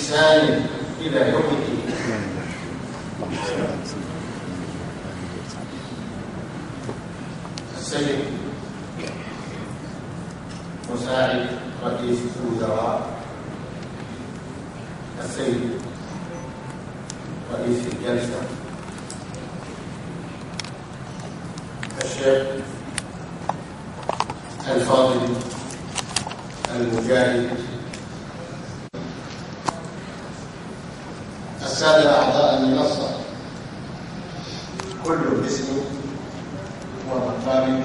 بإحسان إلى يوم الدين السيد مساعد رئيس الوزراء السيد رئيس الجلسة الشيخ الفاضل المجاهد السادة أعضاء المنصة كل باسم ومقام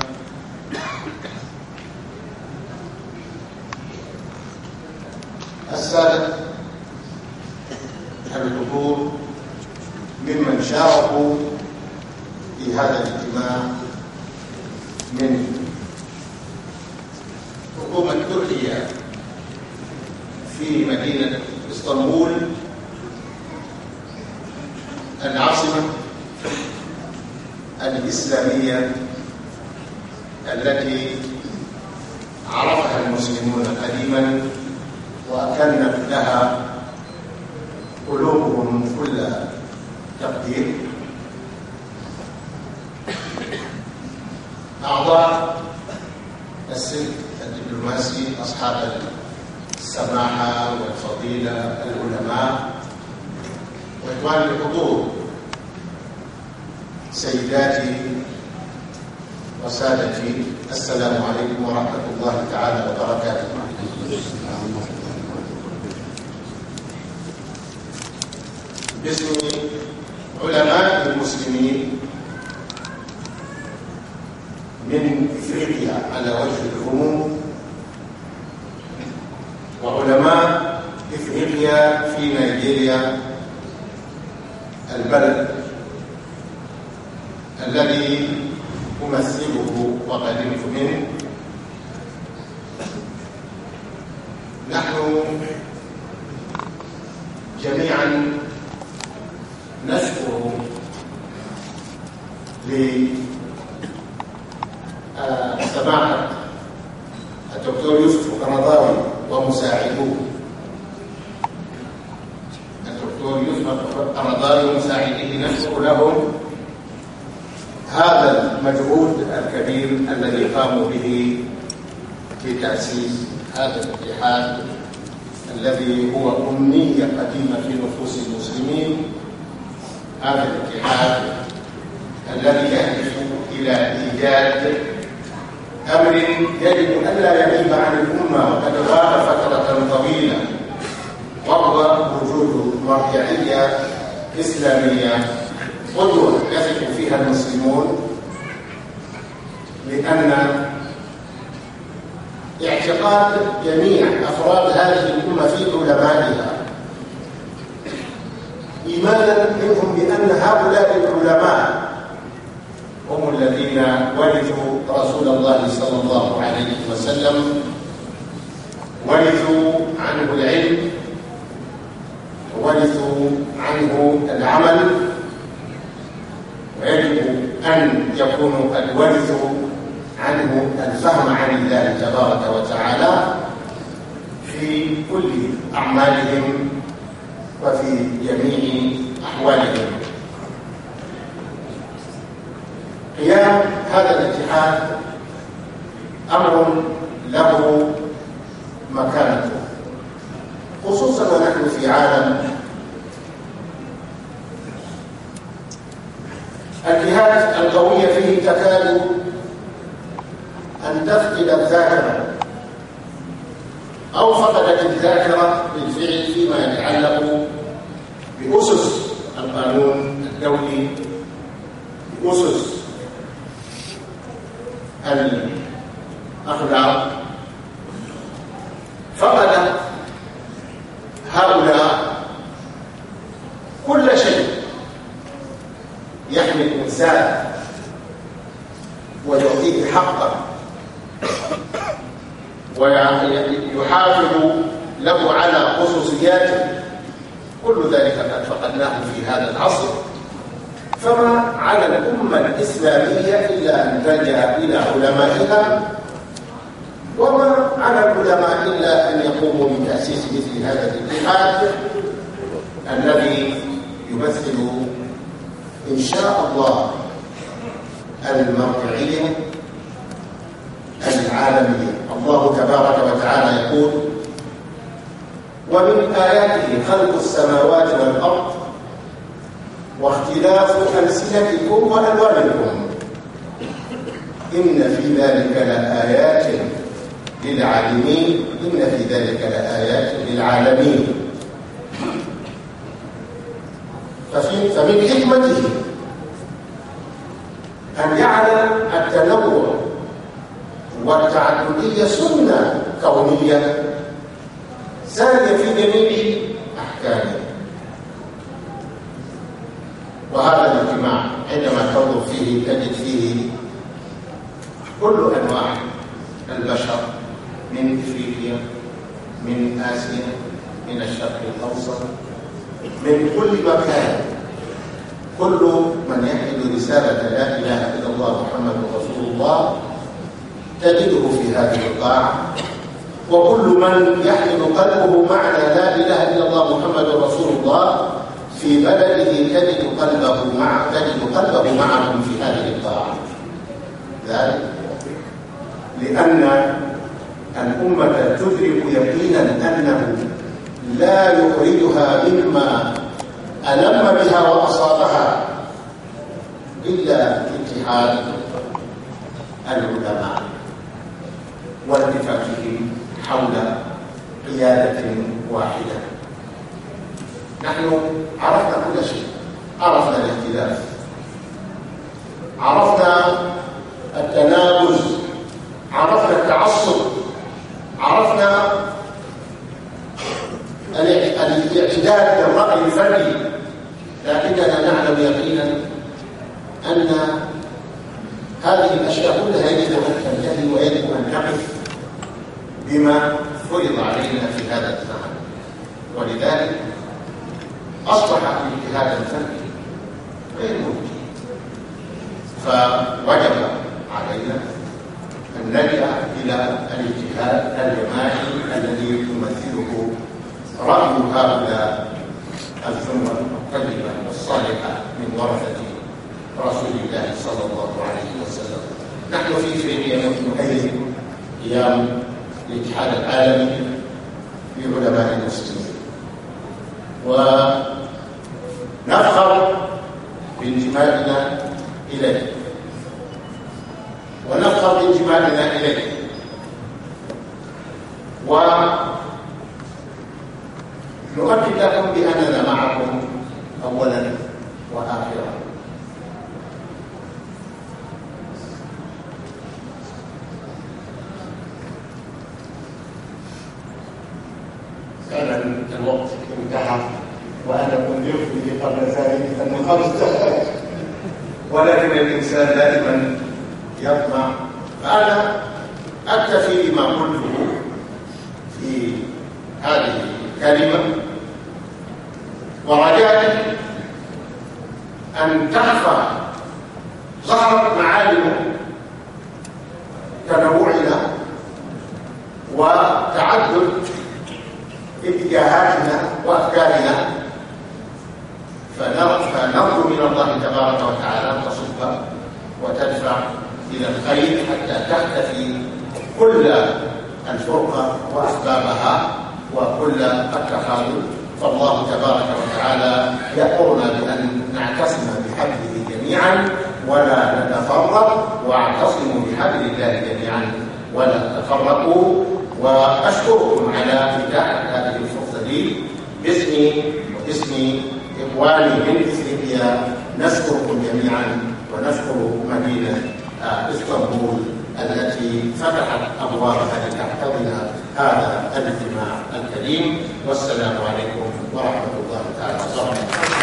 السادة الحضور ممن شاركوا في هذا الاجتماع من حكومة تركيا في مدينة اسطنبول العاصمة الإسلامية التي عرفها المسلمون قديما وأكنت لها قلوبهم كل تقدير أعضاء السلك الدبلوماسي أصحاب السماحة والفضيلة العلماء وإخوان الحضور سيداتي وسادتي السلام عليكم ورحمة الله تعالى وبركاته باسم علماء المسلمين من افريقيا على وجه العموم وعلماء افريقيا في نيجيريا البلد الذي أمثله وألف منه نحن جميعا نشكر لسماحة الدكتور يوسف القرضاوي ومساعده الدكتور يوسف القرضاوي ومساعده نشكر لهم المجهود الكبير الذي قاموا به في تأسيس هذا الاتحاد الذي هو أمنية قديمة في نفوس المسلمين هذا الاتحاد الذي يهدف إلى إيجاد أمر يجب ألا يغيب عن الأمة وقد غاب فترة طويلة وهو وجود مرجعية إسلامية قدوة يثق فيها المسلمون لأن اعتقاد جميع أفراد هذه الأمة في علمائها إيمانا منهم بأن هؤلاء العلماء هم الذين ورثوا رسول الله صلى الله عليه وسلم ورثوا عنه العلم ورثوا عنه العمل ويجب أن يكونوا قد ورثوا عنه الفهم عن الله تبارك وتعالى في كل أعمالهم وفي جميع أحوالهم قيام هذا الاتحاد أمر له مكانته خصوصا ونحن في عالم الجهات القوية فيه تكاد أن تفقد الذاكرة أو فقدت الذاكرة بالفعل فيما يتعلق بأسس القانون الدولي بأسس الأخلاق فقدت هؤلاء كل شيء يحمي الإنسان ويعطيه حقه ويحافظ له على خصوصياته كل ذلك قد فقدناه في هذا العصر فما على الأمة الإسلامية إلا أن تلجأ إلى علمائها وما على العلماء إلا أن يقوموا بتأسيس مثل هذا الاتحاد الذي يمثل إن شاء الله الموقعية العالمية الله تبارك وتعالى يقول ومن آياته خلق السماوات والأرض واختلاف ألسنتكم وألوانكم إن في ذلك لآيات للعالمين إن في ذلك لآيات للعالمين فمن حكمته أن يعلم التنوع والتعددية سنة كونية سارية في جميع أحكامه وهذا الاجتماع عندما تنظر فيه تجد فيه كل أنواع البشر من افريقيا من اسيا من الشرق الاوسط من كل مكان كل من يحمل رساله لا اله الا الله محمد رسول الله تجده في هذه القاعة وكل من يحمل قلبه معنى لا إله إلا الله محمد رسول الله في بلده تجد قلبه مع تجد قلبه معهم في هذه القاعة ذلك لأن الأمة تدرك يقينا أنه لا يخرجها مما ألم بها وأصابها إلا اتحاد العلماء والتفاتهم حول قيادة واحدة نحن عرفنا كل شيء عرفنا الاختلاف عرفنا التنابز عرفنا التعصب عرفنا الاعتداد بالرأي الفردي لكننا نعلم يقينا أن هذه الأشياء كلها يجب أن تنتهي ويجب أن تقف بما فرض علينا في هذا الزمن ولذلك أصبح في هذا الفن غير ممكن فوجب علينا أن نلجأ إلى الاجتهاد الجماعي الذي يمثله رأي هؤلاء الذمة الطيبة الصالحة من ورثة رسول الله صلى الله عليه وسلم نحن في فينيا نحن أيام الاتحاد العالمي لعلماء المسلمين ونفخر بانتمائنا إليه ونفخر بانتمائنا إليه ونؤكد لكم بأننا معكم أولا ثمن الوقت انتهى وانا كنت انذرت قبل ذلك ان خرجت ولكن الانسان دائما يطمع فانا اكتفي بما قلته في هذه الكلمه ورجائي ان تحفظ ظهرت معالم تنوعنا وتعدد اتجاهاتنا وافكارنا فنرجو من الله تبارك وتعالى ان تصب وتدفع الى الخير حتى تختفي كل الفرقه واسبابها وكل التخاذل فالله تبارك وتعالى يامرنا بان نعتصم بحبله جميعا ولا نتفرق واعتصموا بحبل الله جميعا ولا تفرقوا واشكركم على اتاحه هذه الفرصه لي باسمي واسم اخواني من افريقيا نشكركم جميعا ونشكر مدينه آه، اسطنبول التي فتحت ابوابها لتحتضن هذا الاجتماع الكريم والسلام عليكم ورحمه الله تعالى وبركاته